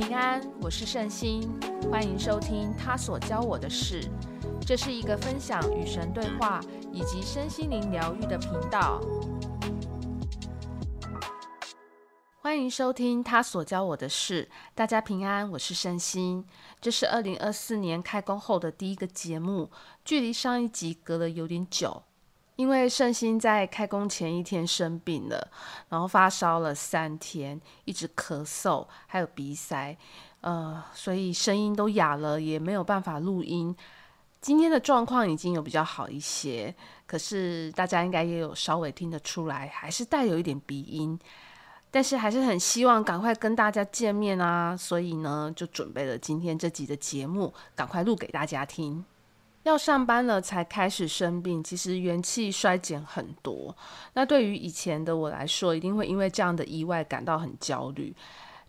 平安，我是聖心，歡迎收聽他所教我的事。這是一個分享與神對話以及身心靈療癒的頻道。歡迎收聽他所教我的事。大家平安，我是聖心。這是二零二四年開工後的第一個節目，距離上一集隔了有點久。因為聖心在開工前一天生病了，然後發燒了三天，一直咳嗽，還有鼻塞，呃，所以聲音都啞了，也沒有辦法錄音。今天的狀況已經有比較好一些，可是大家應該也有稍微聽得出來，還是帶有一點鼻音，但是還是很希望趕快跟大家見面啊，所以呢，就準備了今天這集的節目，趕快錄給大家聽。要上班了才開始生病，其實元氣衰減很多。那對於以前的我來說，一定會因為這樣的意外感到很焦慮。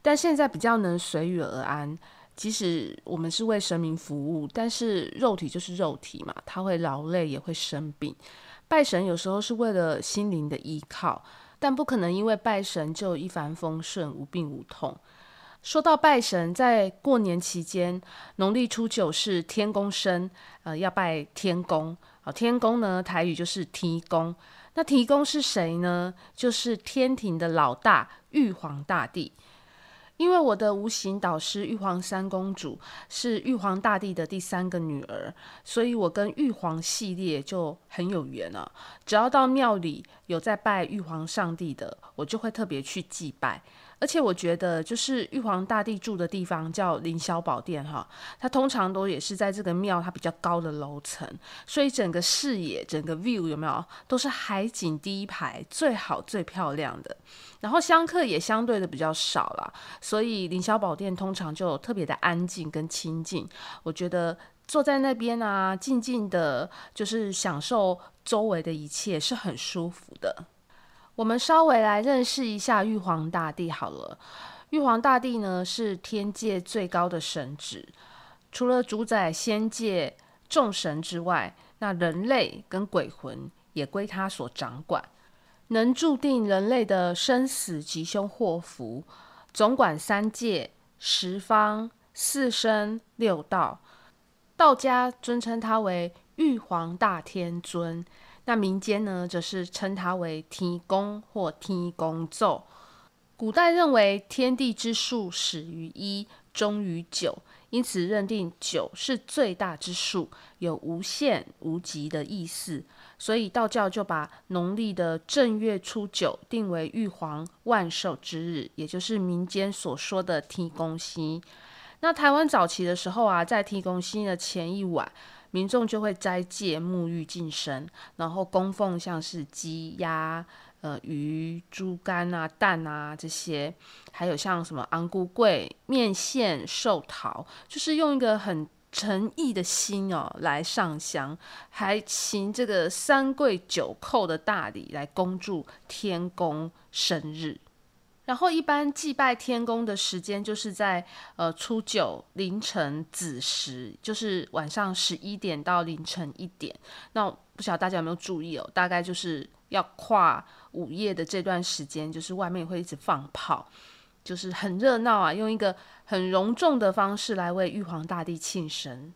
但現在比較能隨遇而安。即使我們是為神明服務，但是肉體就是肉體嘛，它會勞累也會生病。拜神有時候是為了心靈的依靠，但不可能因為拜神就一帆風順、無病無痛。說到拜神，在過年期間，農曆初九是天公生，呃，要拜天公。好，天公呢，台語就是提公。那提公是誰呢？就是天庭的老大，玉皇大帝。因為我的無形導師玉皇三公主是玉皇大帝的第三個女兒，所以我跟玉皇系列就很有緣了啊。只要到廟裡有在拜玉皇上帝的，我就會特別去祭拜。而且我覺得，就是玉皇大帝住的地方叫凌霄寶殿哈，它通常都也是在這個廟它比較高的樓層，所以整個視野、整個 view 有沒有，都是海景第一排最好最漂亮的。然後香客也相對的比較少啦。所以凌霄寶殿通常就特別的安靜跟清靜。我覺得坐在那邊啊，靜靜的，就是享受周圍的一切是很舒服的。我們稍微來認識一下玉皇大帝好了。玉皇大帝呢，是天界最高的神祇，除了主宰仙界眾神之外，那人類跟鬼魂也歸他所掌管，能注定人類的生死吉凶禍福，總管三界十方四生六道。道家尊稱他為玉皇大天尊。那民間呢，則是稱它為天公或天公祖。古代認為天地之數始於一，終於九，因此認定九是最大之數，有無限無極的意思。所以道教就把農曆的正月初九定為玉皇萬壽之日，也就是民間所說的天公生。那台灣早期的時候啊，在天公生的前一晚。民眾就會齋戒、沐浴、淨身，然後供奉像是雞、鴨、呃、魚、豬肝啊、蛋啊這些，還有像什麼紅龜粿、麵線、壽桃，就是用一個很誠意的心哦來上香，還行這個三跪九叩的大禮來恭祝天公生日。然後一般祭拜天公的時間就是在呃初九凌晨子時，就是晚上十一點到凌晨一點。那不曉得大家有沒有注意哦？大概就是要跨午夜的這段時間，就是外面會一直放炮，就是很熱鬧啊，用一個很隆重的方式來為玉皇大帝慶生。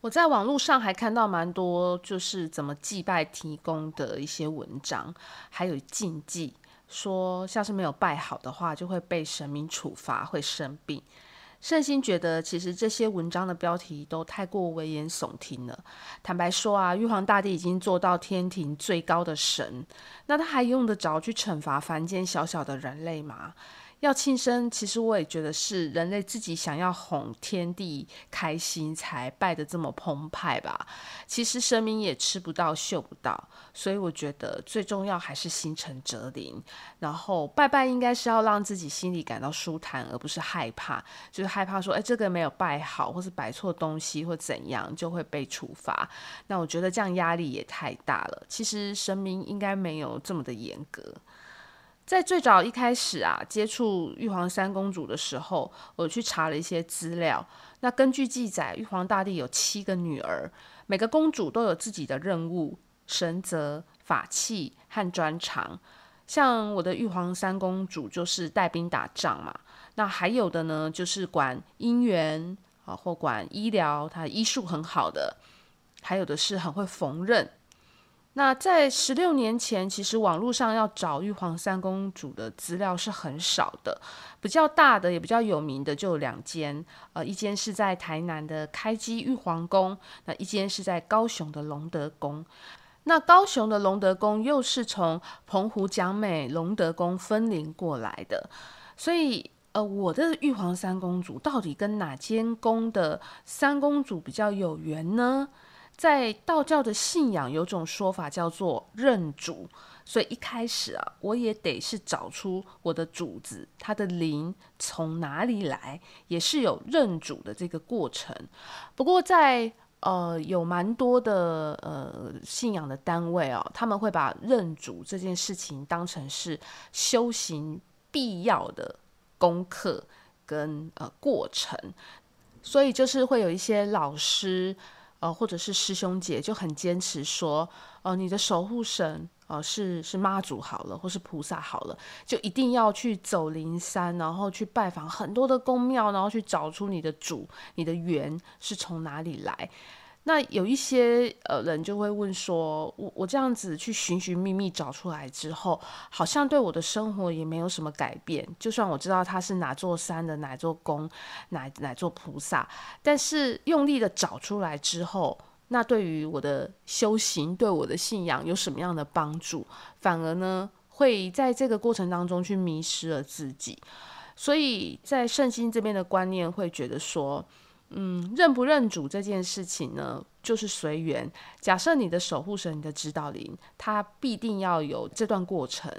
我在網絡上還看到蠻多，就是怎麼祭拜天公的一些文章，還有禁忌。說像是沒有拜好的話，就會被神明處罰，會生病。聖心覺得，其實這些文章的標題都太過危言聳聽了。坦白說啊，玉皇大帝已經做到天庭最高的神，那他還用得着去懲罰凡間小小的人類嗎？要慶生，其實我也覺得是人類自己想要哄天地開心，才拜得這麼澎湃吧。其實神明也吃不到、嗅不到，所以我覺得最重要還是心誠則靈。然後拜拜應該是要讓自己心裡感到舒坦，而不是害怕，就是害怕說哎這個沒有拜好，或是擺錯東西或怎樣就會被處罰。那我覺得這樣壓力也太大了。其實神明應該沒有這麼的嚴格。在最早一開始啊，接觸玉皇三公主的時候，我去查了一些資料。那根據記載，玉皇大帝有七個女兒，每個公主都有自己的任務、神責、法器和專長。像我的玉皇三公主就是帶兵打仗嘛。那還有的呢，就是管姻緣啊，或管醫療，她的醫術很好的；還有的是很會縫紉。那在十六年前，其實網絡上要找玉皇三公主的資料是很少的，比較大的也比較有名的就有兩間，呃，一間是在台南的開基玉皇宮，那一間是在高雄的龍德宮。那高雄的龍德宮又是從澎湖講美龍德宮分靈過來的，所以，呃，我的玉皇三公主到底跟哪間宮的三公主比較有緣呢？在道教的信仰，有種說法叫做認主，所以一開始啊，我也得是找出我的主子，他的靈從哪裡來，也是有認主的這個過程。不過在、在呃有蠻多的呃信仰的單位哦、啊，他們會把認主這件事情當成是修行必要的功課跟呃過程，所以就是會有一些老師。呃，或者是師兄姐就很堅持說，呃，你的守護神，呃，是是媽祖好了，或是菩薩好了，就一定要去走靈山，然後去拜訪很多的宮廟，然後去找出你的主、你的緣是從哪裡來。那有一些呃人就會問說，我我這樣子去尋尋覓覓找出來之後，好像對我的生活也沒有什麼改變。就算我知道他是哪座山的哪座宮，哪哪座菩薩，但是用力的找出來之後，那對於我的修行、對我的信仰有什麼樣的幫助？反而呢，會在這個過程當中去迷失了自己。所以在聖心這邊的觀念會覺得說。嗯，認不認主這件事情呢，就是隨緣。假設你的守護神、你的指導靈，他必定要有這段過程，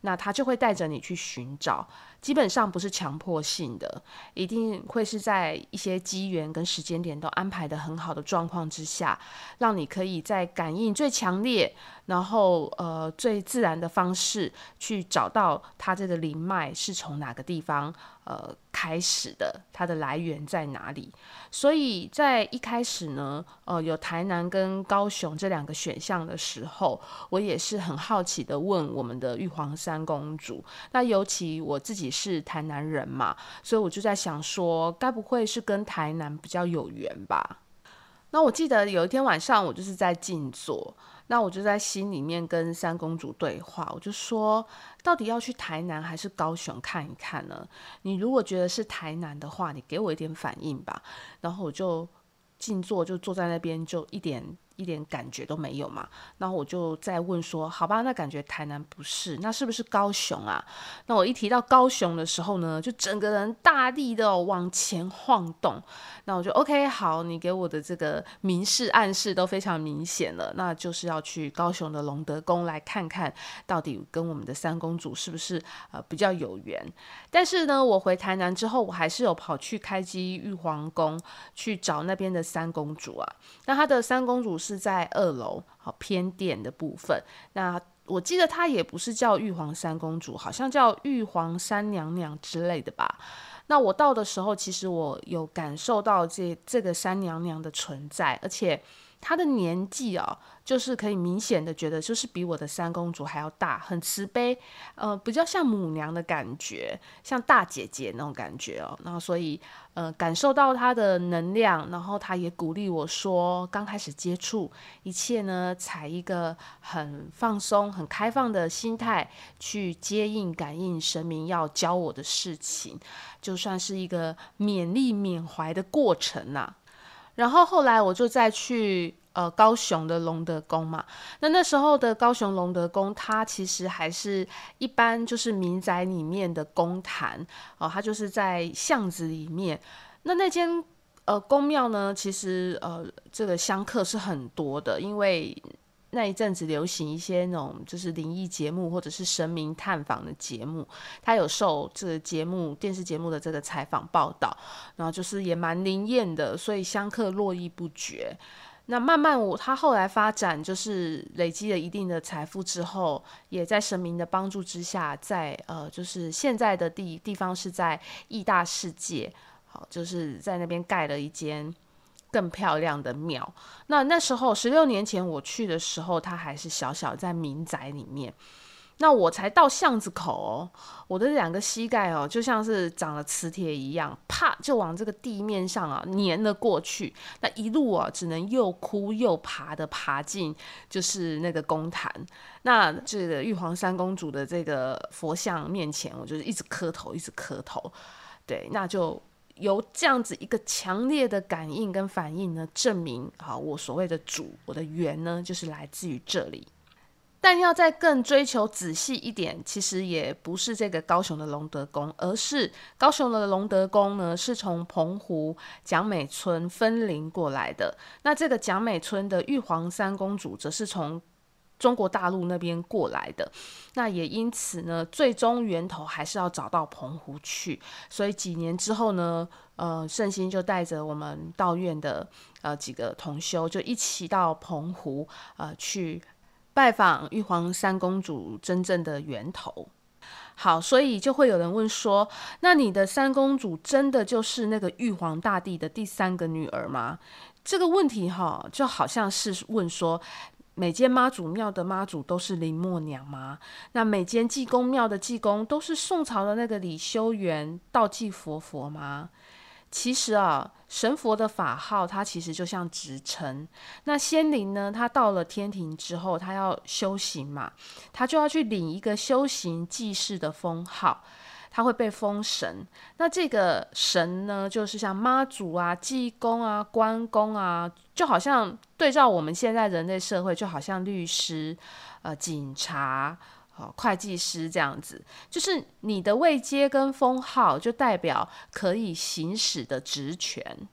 那他就會帶着你去尋找。基本上不是強迫性的，一定會是在一些機緣跟時間點都安排得很好的狀況之下，讓你可以在感應最強烈，然後呃最自然的方式去找到他這個靈脈是從哪個地方。呃，開始的它的來源在哪裡？所以在一開始呢，呃，有台南跟高雄這兩個選項的時候，我也是很好奇地問我們的玉皇三公主。那尤其我自己是台南人嘛，所以我就在想說，該不會是跟台南比較有緣吧？那我記得有一天晚上，我就是在靜坐。那我就在心裡面跟三公主對話，我就說，到底要去台南還是高雄看一看呢？你如果覺得是台南的話，你給我一點反應吧。然後我就靜坐，就坐在那邊，就一點。一點感覺都沒有嘛？然後我就再問說：“好吧，那感覺台南不是，那是不是高雄啊？”那我一提到高雄的時候呢，就整個人大力的往前晃動。那我就 OK，好，你給我的這個明示暗示都非常明顯了，那就是要去高雄的隆德宮來看看到底跟我們的三公主是不是呃比較有緣。但是呢，我回台南之後，我還是有跑去開基玉皇宮去找那邊的三公主啊。那她的三公主是。是在二樓好偏殿的部分。那我記得她也不是叫玉皇三公主，好像叫玉皇三娘娘之類的吧？那我到的時候，其實我有感受到這這個三娘娘的存在，而且。她的年紀哦，就是可以明顯的覺得，就是比我的三公主還要大，很慈悲，呃，比較像母娘的感覺，像大姐姐那種感覺哦。然後所以，呃，感受到她的能量，然後她也鼓勵我說，剛開始接觸，一切呢，採一個很放鬆、很開放的心態去接應、感應神明要教我的事情，就算是一個勉勵、緬懷的過程吶、啊。然後後來我就再去呃高雄的龍德宮嘛，那那時候的高雄龍德宮，它其實還是一般就是民宅裡面的宮壇哦、呃，它就是在巷子裡面。那那間呃宮廟呢，其實呃這個香客是很多的，因為。那一陣子流行一些那種就是靈異節目或者是神明探訪的節目，他有受這個節目電視節目的這個採訪報道，然後就是也蠻靈驗的，所以香客絡繹不絕。那慢慢我他後來發展就是累積了一定的財富之後，也在神明的幫助之下，在呃就是現在的地地方是在義大世界，好就是在那邊蓋了一間。更漂亮的廟。那那時候，十六年前我去的時候，它還是小小在民宅裡面。那我才到巷子口哦，我的兩個膝蓋哦，就像是長了磁鐵一樣，啪就往這個地面上啊粘了過去。那一路啊，只能又哭又爬的爬進，就是那個宮壇。那這個玉皇三公主的這個佛像面前，我就是一直磕頭，一直磕頭。對，那就。由這樣子一個強烈的感應跟反應呢，證明好，我所謂的主，我的源呢，就是來自於這裡。但要再更追求仔細一點，其實也不是這個高雄的龍德宮，而是高雄的龍德宮呢，是從澎湖蔣美村分靈過來的。那這個蔣美村的玉皇三公主，則是從。中國大陸那邊過來的，那也因此呢，最終源頭還是要找到澎湖去。所以幾年之後呢，呃，聖心就帶着我們道院的呃幾個同修，就一起到澎湖呃去拜訪玉皇三公主真正的源頭。好，所以就會有人問說，那你的三公主真的就是那個玉皇大帝的第三個女兒嗎？這個問題哈、哦，就好像是問說。每間媽祖廟的媽祖都是林默娘嗎？那每間濟公廟的濟公都是宋朝的那個李修緣道濟佛佛嗎？其實啊，神佛的法號，它其實就像職稱。那仙靈呢，他到了天庭之後，他要修行嘛，他就要去領一個修行濟世的封號，他會被封神。那這個神呢，就是像媽祖啊、濟公啊、關公啊。就好像對照我們現在人類社會，就好像律師、呃警察、哦會計師這樣子，就是你的位階跟封號就代表可以行使的職權。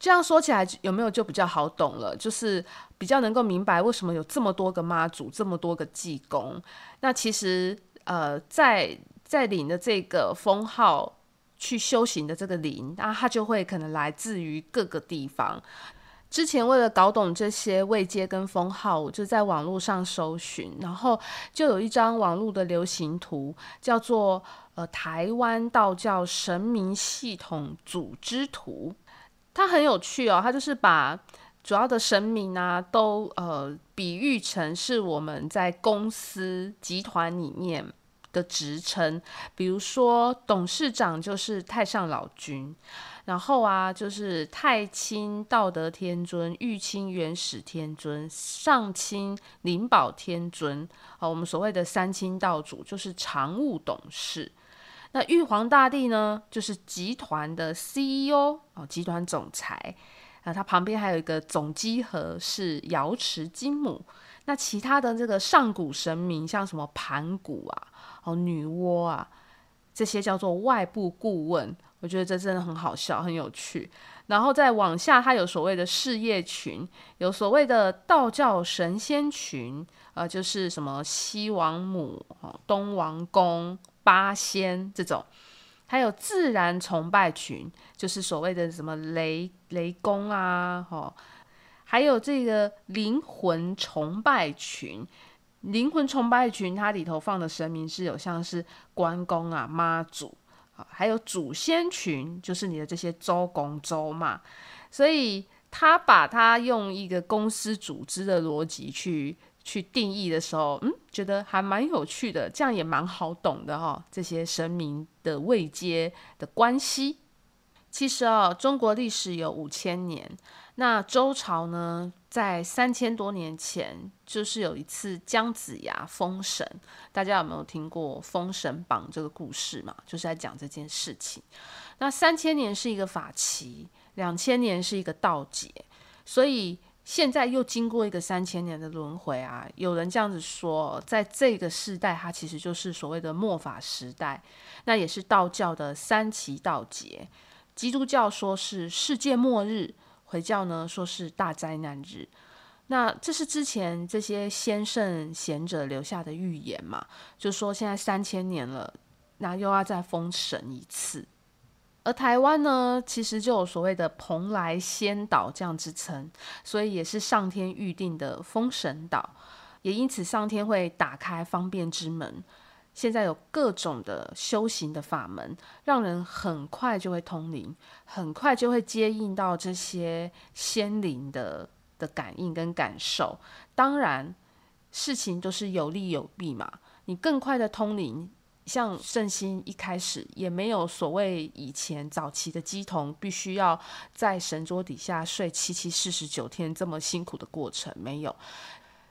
這樣說起來有沒有就比較好懂了？就是比較能夠明白為什麼有這麼多個媽祖，這麼多個濟公。那其實呃在在領的這個封號去修行的這個靈，那他就會可能來自於各個地方。之前為了搞懂這些位階跟封號，我就在網絡上搜尋，然後就有一張網絡的流行圖，叫做呃，「台灣道教神明系統組織圖」，它很有趣哦，它就是把主要的神明啊都呃比喻成是我們在公司集團裡面。的職稱，比如說董事長就是太上老君，然後啊就是太清道德天尊、玉清元始天尊、上清靈寶天尊，哦，我們所謂的三清道祖就是常務董事。那玉皇大帝呢，就是集團的 CEO，哦，集團總裁。啊，他旁邊還有一個總機合，是瑤池金母。那其他的這個上古神明，像什麼盤古啊。好、哦、女媧啊，這些叫做外部顧問，我覺得這真的很好笑，很有趣。然後再往下，它有所謂的事業群，有所謂的道教神仙群，呃，就是什麼西王母、哦、東王公、八仙這種，還有自然崇拜群，就是所謂的什麼雷雷公啊，哈、哦，還有這個靈魂崇拜群。靈魂崇拜群，它裡頭放的神明是有像是關公啊、媽祖，還有祖先群，就是你的這些周公周媽。所以他把他用一個公司組織的邏輯去去定義的時候，嗯，覺得還蠻有趣的，這樣也蠻好懂的哈、哦。這些神明的位階的關係，其實哦，中國歷史有五千年，那周朝呢，在三千多年前，就是有一次姜子牙封神，大家有沒有聽過封神榜這個故事嘛？就是在講這件事情。那三千年是一個法期，兩千年是一個道劫，所以現在又經過一個三千年的輪回啊。有人這樣子說，在這個時代，它其實就是所謂的末法時代，那也是道教的三期道劫。基督教說是世界末日。回教呢，說是大災難日，那這是之前這些先聖賢者留下的預言嘛，就說現在三千年了，那又要再封神一次。而台灣呢，其實就有所謂的蓬萊仙島這樣之稱，所以也是上天預定的封神島，也因此上天會打開方便之門。現在有各種的修行的法門，讓人很快就會通靈，很快就會接應到這些仙靈的的感應跟感受。當然，事情都是有利有弊嘛。你更快的通靈，像聖心一開始也沒有所謂以前早期的乩童必須要在神桌底下睡七七四十九天這麼辛苦的過程，沒有。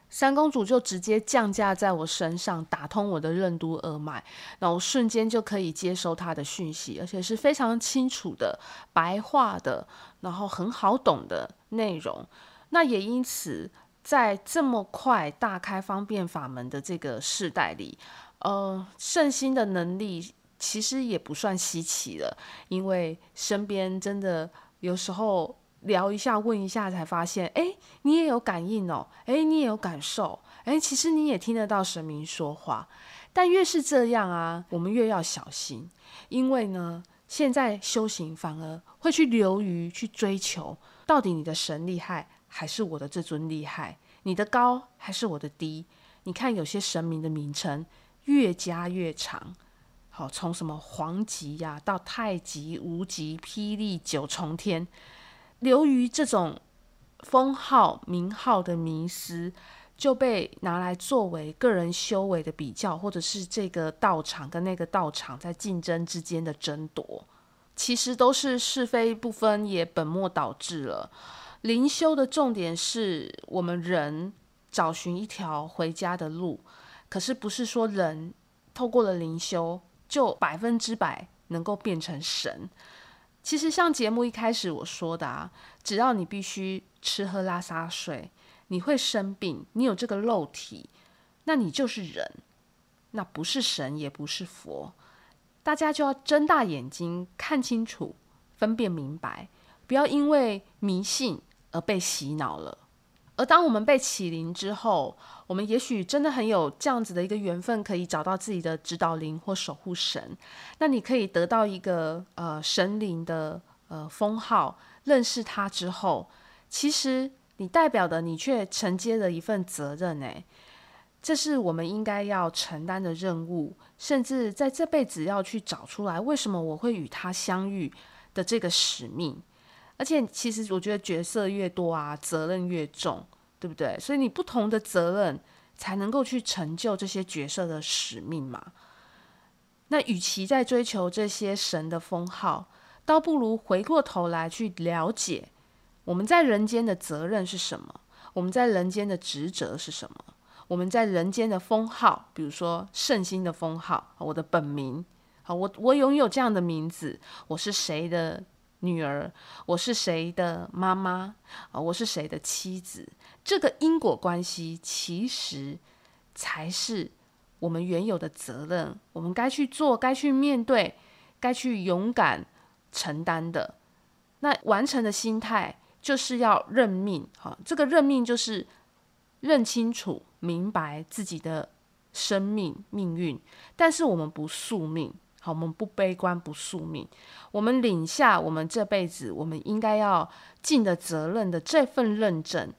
三公主就直接降駕在我身上，打通我的任督二脈，然後瞬間就可以接收她的訊息，而且是非常清楚的白話的，然後很好懂的內容。那也因此，在這麼快大開方便法門的這個世代裡，呃，聖心的能力其實也不算稀奇了，因為身邊真的有時候。聊一下，問一下，才發現，哎，你也有感應哦，哎，你也有感受，哎，其實你也聽得到神明說話，但越是這樣啊，我們越要小心，因為呢，現在修行反而會去流於去追求，到底你的神厲害還是我的這尊厲害，你的高還是我的低？你看有些神明的名稱越加越長，好、哦，從什麼皇極呀、啊，到太極、無極、霹靂九重天。由於這種封號、名號的迷思，就被拿來作為個人修為的比較，或者是這個道場跟那個道場在競爭之間的爭奪，其實都是是非不分，也本末倒置了。靈修的重點是我們人找尋一條回家的路，可是不是說人透過了靈修就百分之百能夠變成神。其實像節目一開始我說的啊，只要你必須吃喝拉撒睡，你會生病，你有這個肉體，那你就是人，那不是神，也不是佛。大家就要睜大眼睛看清楚，分辨明白，不要因為迷信而被洗腦了。而當我們被啟靈之後，我們也許真的很有這樣子的一個緣分，可以找到自己的指導靈或守護神。那你可以得到一個呃神靈的呃封號，認識他之後，其實你代表的你卻承接了一份責任，誒，這是我們應該要承擔的任務，甚至在這輩子要去找出來，為什麼我會與他相遇的這個使命。而且，其實我覺得角色越多啊，責任越重，對不對？所以你不同的責任才能夠去成就這些角色的使命嘛。那與其在追求這些神的封號，倒不如回過頭來去了解我們在人間的責任是什麼，我們在人間的職責是什麼，我們在人間的封號，比如說聖心的封號，我的本名，啊，我我擁有這樣的名字，我是誰的？女兒，我是誰的媽媽？啊，我是誰的妻子？這個因果關係其實才是我們原有的責任，我們該去做，該去面對，該去勇敢承擔的。那完成的心態就是要認命，啊，這個認命就是認清楚、明白自己的生命命運，但是我們不宿命。好，我們不悲觀，不宿命，我們領下我們這輩子我們應該要盡的責任的這份認證，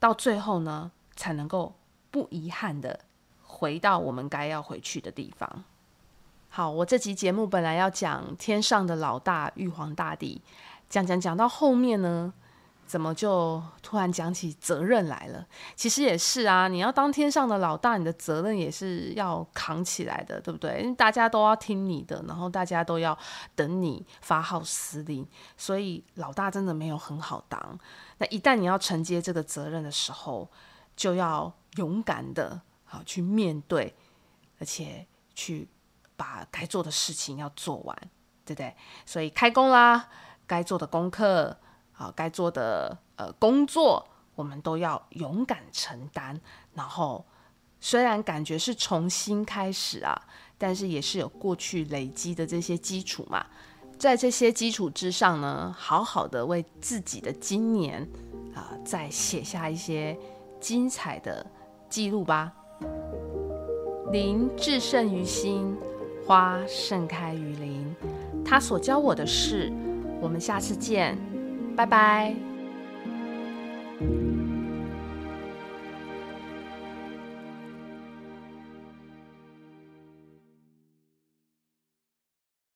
到最後呢，才能夠不遺憾的回到我們該要回去的地方。好，我這集節目本來要講天上的老大玉皇大帝，講講講到後面呢。怎麼就突然講起責任來了？其實也是啊，你要當天上的老大，你的責任也是要扛起來的，對不對？大家都要聽你的，然後大家都要等你發號施令，所以老大真的沒有很好當。那一旦你要承接這個責任的時候，就要勇敢的好去面對，而且去把該做的事情要做完，對不對？所以開工啦，該做的功課。好，該做的呃工作，我們都要勇敢承擔。然後，雖然感覺是重新開始啊，但是也是有過去累積的這些基礎嘛。在這些基礎之上呢，好好的為自己的今年啊、呃，再寫下一些精彩的記錄吧。林至勝於心，花盛開於林。祂所教我的事，我們下次見。拜拜。